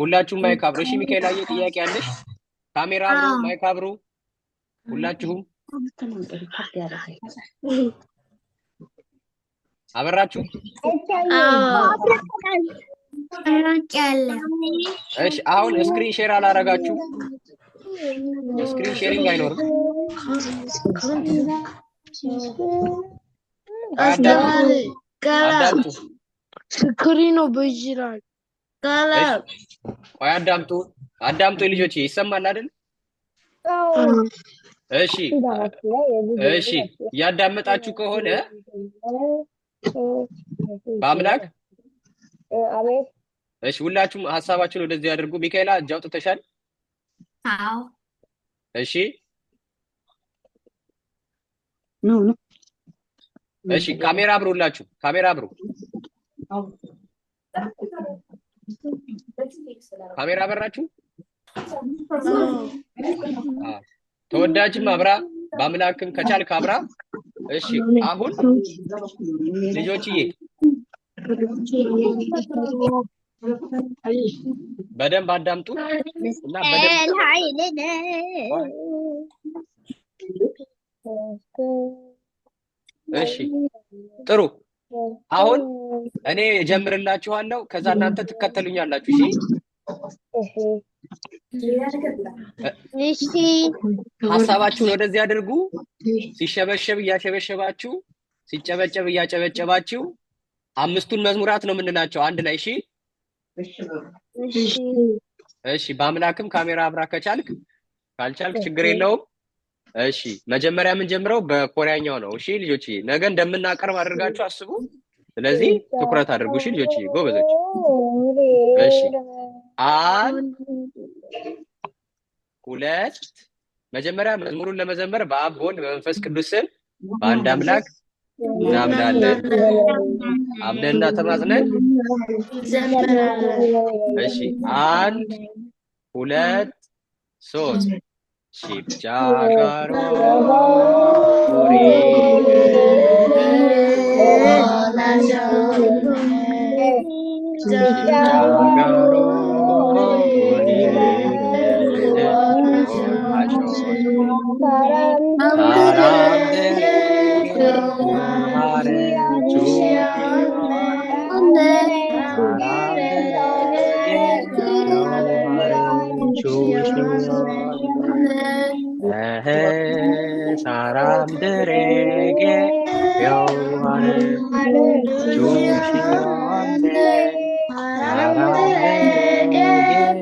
ሁላችሁም ማይክ አብሩ። እሺ ሚካኤላዬ ጥያቄ አለሽ? ካሜራ አብሩ፣ ማይክ አብሩ ሁላችሁም። አበራችሁ? እሺ አሁን ስክሪን ሼር አላረጋችሁ? ስክሪን ሼሪንግ አይኖርም። አዳምጡ ስክሪኑ ብዥ ይላል። ቆይ አዳምጡ አዳምጡ ልጆች፣ ይሰማል አይደል? እሺ እሺ፣ እያዳመጣችሁ ከሆነ በአምላክ እሺ፣ ሁላችሁም ሀሳባችሁን ወደዚህ ያደርጉ። ሚካኤላ እጅ አውጥተሻል። እሺ እሺ፣ ካሜራ አብሩላችሁ፣ ካሜራ አብሩ ካሜራ በራችሁ ተወዳጅም አብራ በአምላክም ከቻልክ አብራ። እሺ አሁን ልጆችዬ በደንብ አዳምጡ እና እሺ ጥሩ አሁን እኔ ጀምርላችኋለሁ፣ ከዛ እናንተ ትከተሉኛላችሁ። እሺ፣ ሀሳባችሁን ወደዚህ አድርጉ። ሲሸበሸብ እያሸበሸባችሁ፣ ሲጨበጨብ እያጨበጨባችሁ አምስቱን መዝሙራት ነው የምንላቸው አንድ ላይ። እሺ፣ እሺ። በአምላክም ካሜራ አብራ ከቻልክ ካልቻልክ ችግር የለውም። እሺ መጀመሪያ የምንጀምረው በኮሪያኛው ነው። እሺ ልጆች ነገ እንደምናቀርብ አድርጋችሁ አስቡ። ስለዚህ ትኩረት አድርጉ። እሺ ልጆች ጎበዞች። እሺ አንድ ሁለት። መጀመሪያ መዝሙሩን ለመዘመር በአብ በወልድ በመንፈስ ቅዱስ ስም በአንድ አምላክ እናምናለን አምነንና ተማጽነን። እሺ አንድ ሁለት ሶስት 십자가로 우리를 원하셨네 십자가로 우리를 원하셨네 사람 내게 교만을 주시네 사람 사람들에게 평화를 주시는데 사람들에게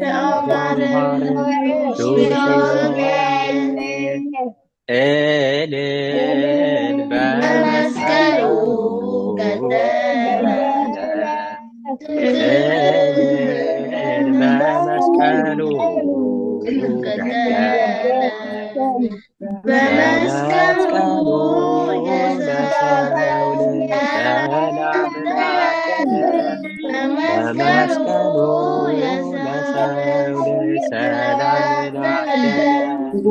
평화를 주시는데 에는 마스카루가 따라 에는 마스카루가 따라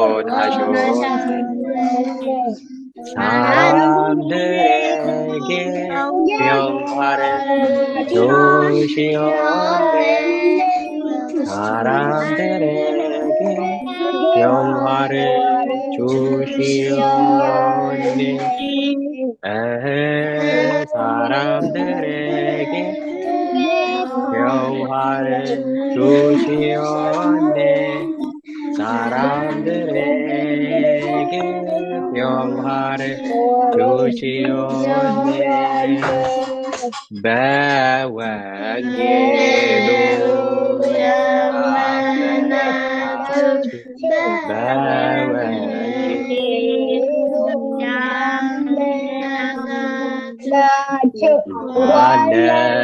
অনাসনে সারাদেগে ব্যবহারে যোশী হবে সারাদেগে ব্যবহারে যোশী হবে 사람들에게 평화를 주시오네 사람 Yomhare Tushiyone Bawagelu Yamanatu Bawagelu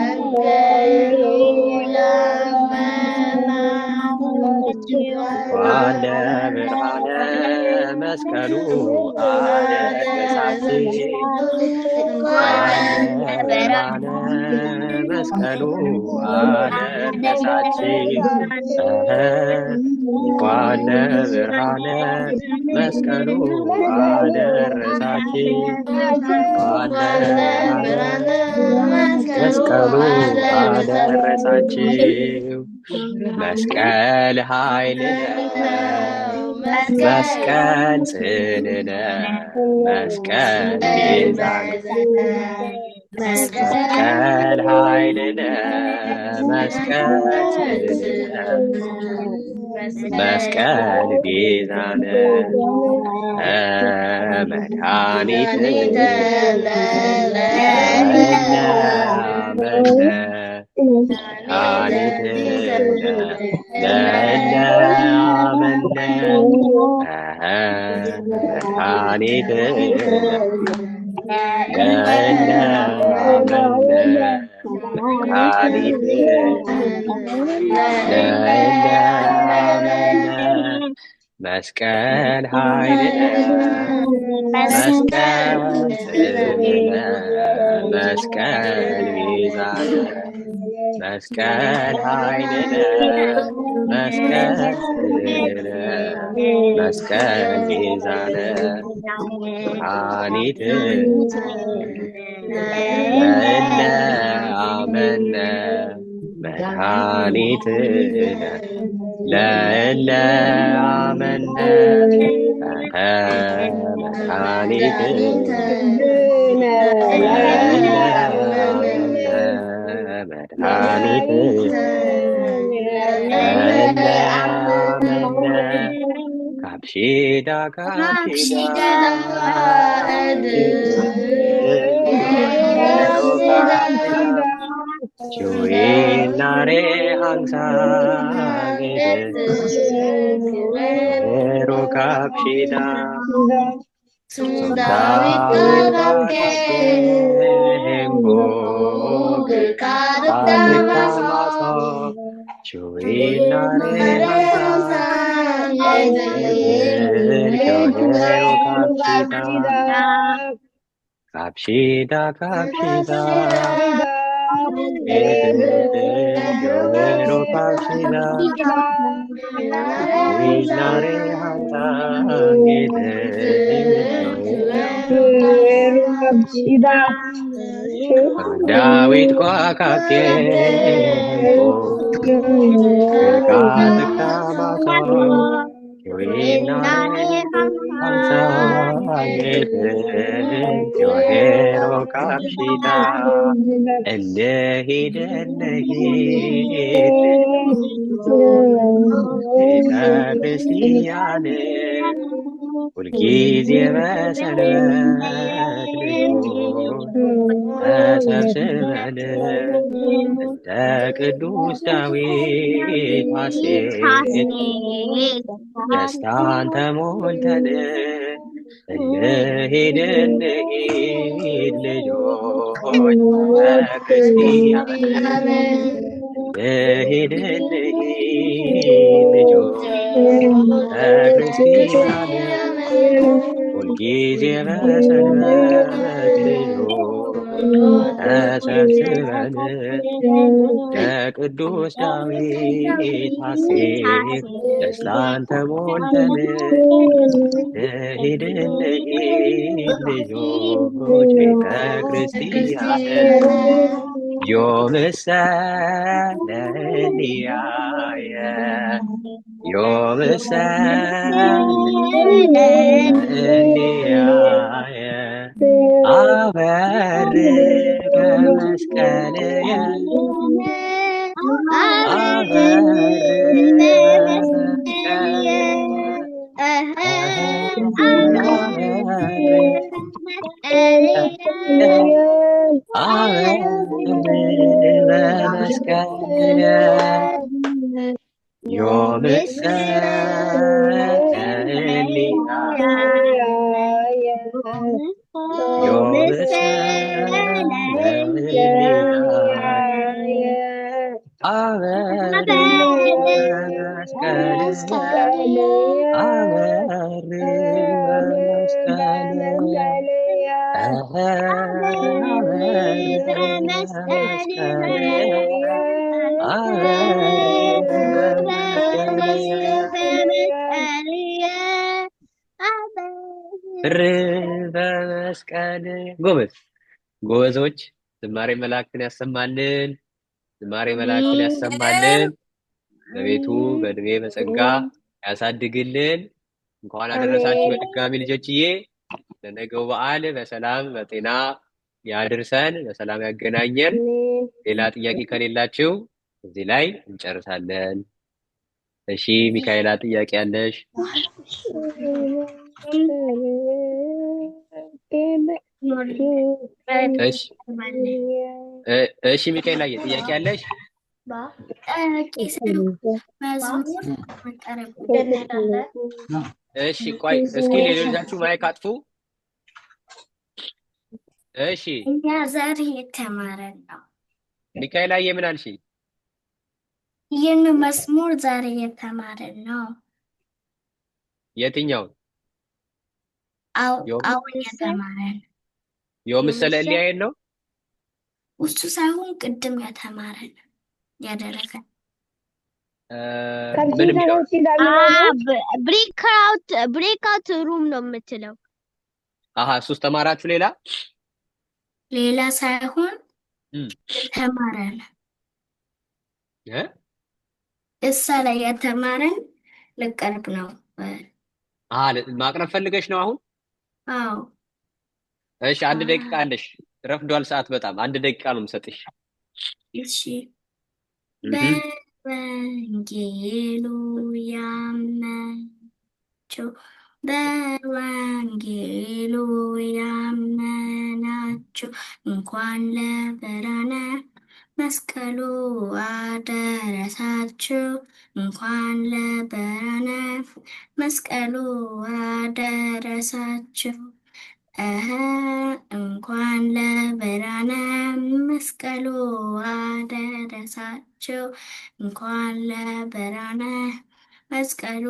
ዋለ ብርሃነ መስቀሉ አለ መስቀሉ አደረሳችን እንኳን ለብርሃነ መስቀሉ አደረሳችን መስቀሉ አደረሳችሁ መስቀል ኃይል መስቀል ስንነ መስቀል ቤዛነ Maskat hiding Maskat Maskat bizane Madhani Madhani Madhani Mascot hide Mascot مسكن عيننا مسكن سرنا مسكن جزعنا عانيت مهنا عملنا مهانيتنا لأننا عملنا مهانيتنا 갑시다 갑시다 아들 주의 날에 항상 애들로 갑시다 승다위 끝없게 행복을 가득 담아서 주의 날에 항상 애들 갑시다. 갑시다, 갑시다. 예배를 교회로 갑시다. 우리나라의 한땅이 되기를 갑시다. 다윗과 같게 가득 담아서 우리나라의 한땅 ሄሮካሽታ ሁልጊዜ በሰንበት ተሰብስበን እንደ ቅዱስ ዳዊት ደስታን ተሞልተን እየሄድን ሄድ ልጆች ክርስቲያን እየሄድን ልጆች ክርስቲያን ሁልጊዜ በሰንበት ልጆች ተሰብስበን ለቅዱስ ዳዊት ሐሴት ለስላንተ ሞልተን ሂድ እንሂድ ልጆች ቤተ ክርስቲያን ዮምሰለንያየ ዮምሰለንያየ Your mission. በመስቀል ጎበዝ ጎበዞች፣ ዝማሬ መላእክትን ያሰማልን። ዝማሬ መላእክትን ያሰማልን። በቤቱ በእድሜ በጸጋ ያሳድግልን። እንኳን አደረሳችሁ በድጋሚ ልጆችዬ። ለነገው በዓል በሰላም በጤና ያድርሰን፣ በሰላም ያገናኘን። ሌላ ጥያቄ ከሌላችሁ እዚህ ላይ እንጨርሳለን። እሺ ሚካኤላ ጥያቄ አለሽ? እሺ ሚካኤላ ጥያቄ አለሽ? Eh, እሺ ቆይ እስኪ ሌሎቻችሁ ማይክ አጥፉ። እሺ እኛ ዛሬ የተማረን ነው። ሚካኤል አየ ምን አልሽ? ይህን ዛሬ የተማረን ነው። የትኛውን? አሁን የተማረን እሊያየን ነው። እሱ ሳይሆን ቅድም የተማረን ያደረገ ብሬክአውት ሩም ነው የምትለው። አሀ ሶስት ተማራችሁ። ሌላ ሌላ ሳይሆን ተማረን እሳ ላይ ያተማረን ልቀርብ ነው። ማቅረብ ፈልገሽ ነው አሁን? አዎ። እሺ፣ አንድ ደቂቃ አለሽ። ረፍዷል ሰዓት በጣም። አንድ ደቂቃ ነው የምሰጥሽ። እሺ በወንጌሉ ያመናችሁ በወንጌሉ ያመናችሁ እንኳን ለብርሃነ መስቀሉ አደረሳችሁ እንኳን ለብርሃነ መስቀሉ አደረሳችሁ። እንኳን ለብርሃነ መስቀሉ አደረሳችሁ። እንኳን ለብርሃነ መስቀሉ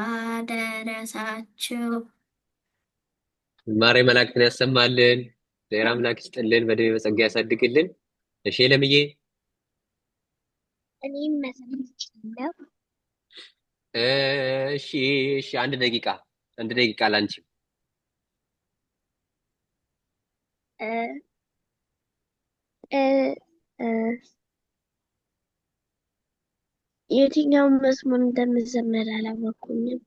አደረሳችሁ። ዝማሬ መላእክትን ያሰማልን። እግዚአብሔር አምላክ ይስጥልን፣ በዕድሜ በጸጋ ያሳድግልን። እሺ ለምዬ እኔም እሺ፣ እሺ አንድ ደቂቃ አንድ ደቂቃ ላንቺ የትኛውን መስሙን እንደምዘመር አላወኩኝም።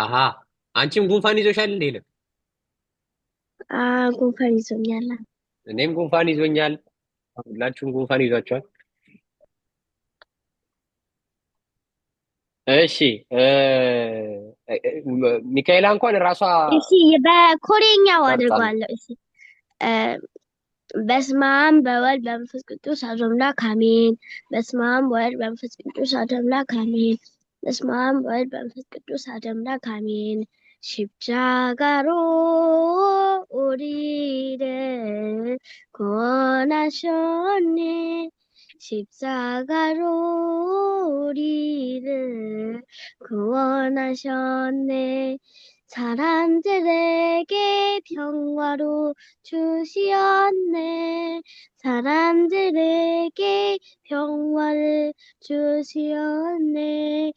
አሀ አንቺም ጉንፋን ይዞሻል እንዴ? ነው ጉንፋን ይዞኛል። እኔም ጉንፋን ይዞኛል። ሁላችሁም ጉንፋን ይዟቸዋል። እሺ ሚካኤላ እንኳን ራሷ እሺ፣ በኮሬኛው አድርጓለሁ። እሺ፣ በስማም በወል በመንፈስ ቅዱስ አሐዱ ካሜን በስማም በወል በመንፈስ ቅዱስ አሐዱ ካሜን በስማም በወል በመንፈስ ቅዱስ አሐዱ ካሜን አሜን። 십자가로 우리를 구원하셨네 십자가로 우리를 구원하셨네. 사람들에게 평화로 주시었네. 사람들에게 평화를 주시었네.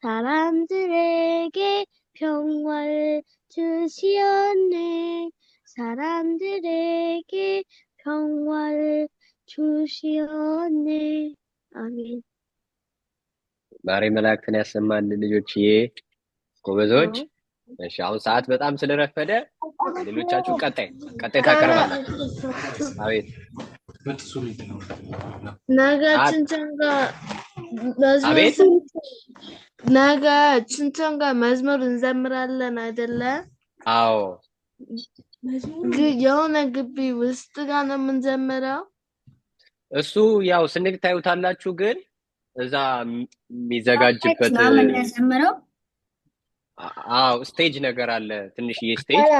사람들에게 평화를 주시었네. 사람들에게 평화를 주시었네. 아멘. ዛሬ መላእክትን ያሰማን ልጆችዬ፣ ጎበዞች። እሺ፣ አሁን ሰዓት በጣም ስለረፈደ ሌሎቻችሁ ቀጣይ ቀጣይ ታቀርባላችሁ። አቤት ነገ ችንቸን ጋር መዝሙር እንዘምራለን አይደለ? አዎ። የሆነ ግቢ ውስጥ ጋር ነው የምንዘምረው። እሱ ያው ስንግ ታዩታላችሁ፣ ግን እዛ የሚዘጋጅበት አዎ ስቴጅ ነገር አለ። ትንሽ ትንሽዬ ስቴጅ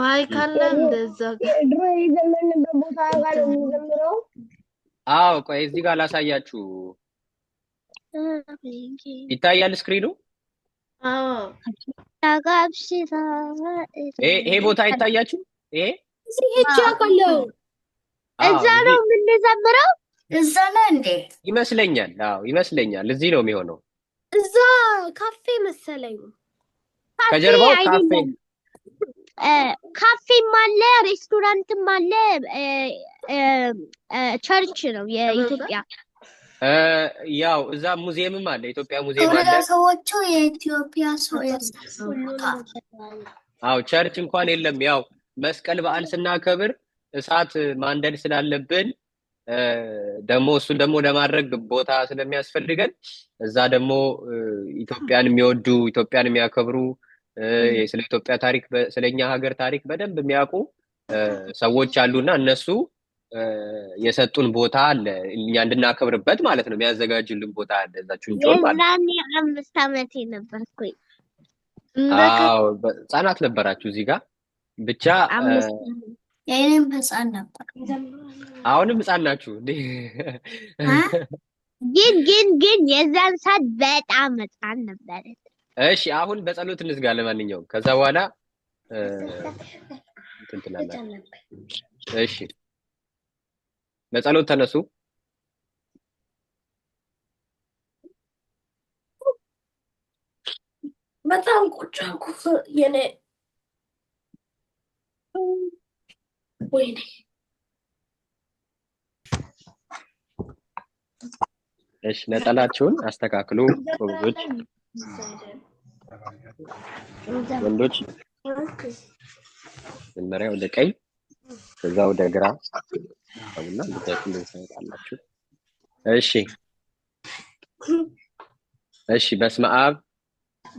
ማይክ አለ። እንደዛ አዎ ቆይ እዚህ ጋር ላሳያችሁ። ይታያል ስክሪኑ። ይሄ ቦታ ይታያችሁ። ይሄ እዚህ ሄጅ እዛ ነው የምንዘምረው። እዛ ነው እንዴ? ይመስለኛል። አዎ ይመስለኛል። እዚህ ነው የሚሆነው። እዛ ካፌ መሰለኝ። ከጀርባው ካፌ ካፌም አለ ሬስቶራንትም አለ። ቸርች ነው የኢትዮጵያ። ያው እዛ ሙዚየምም አለ፣ ኢትዮጵያ ሙዚየም አለ። ሰዎቹ የኢትዮጵያ ሰው ያሳስቡታል። አዎ ቸርች እንኳን የለም። ያው መስቀል በዓል ስናከብር እሳት ማንደድ ስላለብን ደግሞ እሱን ደግሞ ለማድረግ ቦታ ስለሚያስፈልገን እዛ ደግሞ ኢትዮጵያን የሚወዱ ኢትዮጵያን የሚያከብሩ ስለ ኢትዮጵያ ታሪክ ስለኛ ሀገር ታሪክ በደንብ የሚያውቁ ሰዎች አሉና እነሱ የሰጡን ቦታ አለ እኛ እንድናከብርበት ማለት ነው። የሚያዘጋጅልን ቦታ አለ እዛችሁ አምስት ዓመት ነበርኩኝ። ህጻናት ነበራችሁ እዚህ ጋር ብቻ የኔም ህፃን ነበር። አሁንም ህፃን ናችሁ። ግን ግን ግን የዛን ሰዓት በጣም ህፃን ነበር። እሺ አሁን በጸሎት እንዝጋ። ለማንኛውም ከዛ በኋላ እሺ በጸሎት ተነሱ። በጣም ቁጭ የኔ ወይኔ እሺ ነጠላችሁን አስተካክሉ ወንዶች ወንዶች መጀመሪያ ወደ ቀኝ ከዛ ወደ ግራ እና ልታችሁ ልንሰጣላችሁ እሺ እሺ በስመ አብ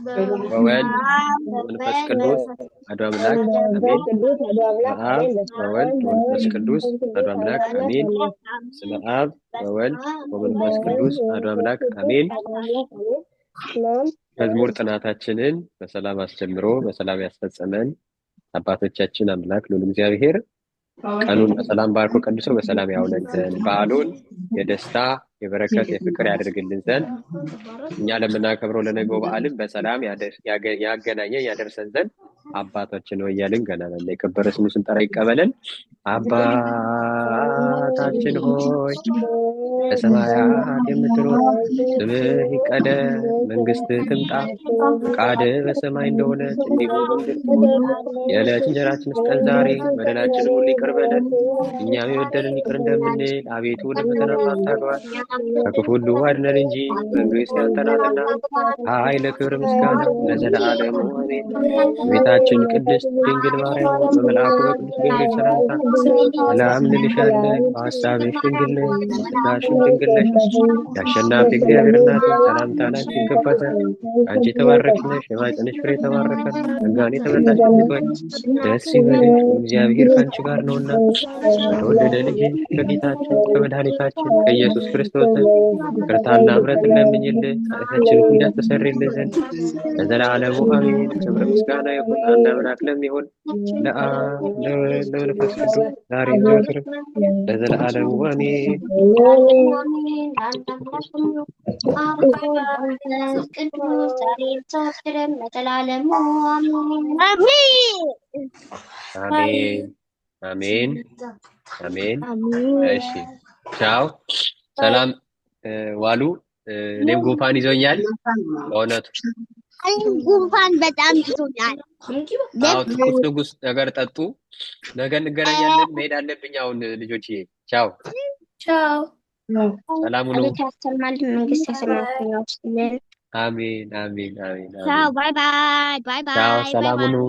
በወልድ መንፈስ ቅዱስ አዶ አምላክ አሜን። በወልድ መንፈስ ቅዱስ አዶ አምላክ አሜን። ስለ አብ በወልድ በመንፈስ ቅዱስ አዶ አምላክ አሜን። መዝሙር ጥናታችንን በሰላም አስጀምሮ በሰላም ያስፈጸመን አባቶቻችን አምላክ ሉል እግዚአብሔር ቀኑን በሰላም ባርኮ ቀድሶ በሰላም ያውለን ዘንድ በዓሉን የደስታ የበረከት የፍቅር ያደርግልን ዘንድ እኛ ለምናከብረው ለነገው በዓልን በሰላም ያገናኘን ያደርሰን ዘንድ አባታችን ሆይ እያልን ገናናለ የከበረ ስሙ ስንጠራ ይቀበለን። አባታችን ሆይ በሰማያት የምትኖር ስምህ ይቀደስ፣ መንግስትህ ትምጣ፣ ፈቃድህ በሰማይ እንደሆነች እንዲሁ በምድር የዕለት እንጀራችንን ስጠን ዛሬ፣ በደላችንን ሁሉ ይቅር በለን እኛም የበደሉንን ይቅር እንደምንል፣ አቤቱ ወደ ፈተና አታግባን፣ ከክፉ ሁሉ አድነን እንጂ መንግስት ያንተ ናትና፣ ኃይል፣ ክብር፣ ምስጋና ለዘላለሙ አሜን። ቤታችን ቅድስት ድንግል ማርያም በመልአኩ በቅዱስ ገብርኤል ሰላምታ ሰላም እንልሻለን፣ በሐሳብሽ ድንግል ነሽ የተባረክሽን ድንግል ነሽ፣ የአሸናፊ እግዚአብሔር እናት ሰላምታ ላንቺ ይገባታል። አንቺ የተባረክሽ ነሽ፣ የማኅፀንሽ ፍሬ የተባረከ ነው። ጸጋን ሆይ ደስ ይበልሽ፣ እግዚአብሔር ከአንቺ ጋር ነውና፣ ከተወደደ ልጅ ከጌታችን ከመድኃኒታችን ከኢየሱስ ክርስቶስ ቅርታና እምረት እንለምኝልን ኃጢአታችንን ሁሉ ያስተሰርይልን ዘንድ ለዘላለሙ አሜን። ክብር ምስጋና ይሁን አንድ አምላክ ለሚሆን ለአብ ለወልድ ለመንፈስ ቅዱስ ዛሬ ዘወትርም ለዘላለሙ አሜን። አሜን አሜን። እሺ ቻው፣ ሰላም ዋሉ። እኔም ጉንፋን ይዞኛል በእውነቱ ጉንፋን በጣም ይዞኛል። ትኩስ ትኩስ ነገር ጠጡ። ነገ እንገናኛለን። መሄድ አለብኝ አሁን ልጆችዬ። ቻው ቻው። ሰላሙ ነው። መንግስት አሜን አሜን አሜን። ባይ ባይ ባይ ባይ። ሰላሙ ነው።